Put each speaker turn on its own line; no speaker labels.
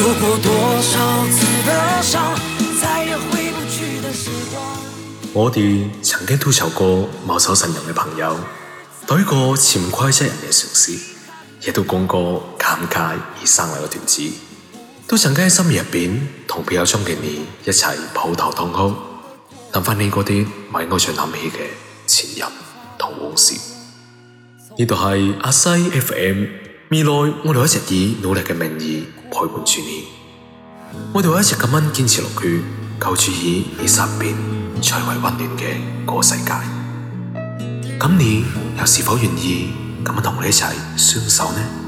有
過多少次的傷，再也回不去的時光。我哋曾經讀過某首神勇嘅朋友，對過潛規則人嘅城市，亦都講過尷尬而生嚟嘅段子，都曾經喺深夜入邊同朋友嘅你一起抱頭痛哭，諗翻起嗰啲唔係我想諗起嘅前任同往事。呢度係阿西 FM。未來我哋一直以努力嘅名義陪伴住你，我哋會一直咁樣堅持落去，構築以你身邊最為溫暖嘅個世界。咁你又是否願意咁樣同我一齊相守呢？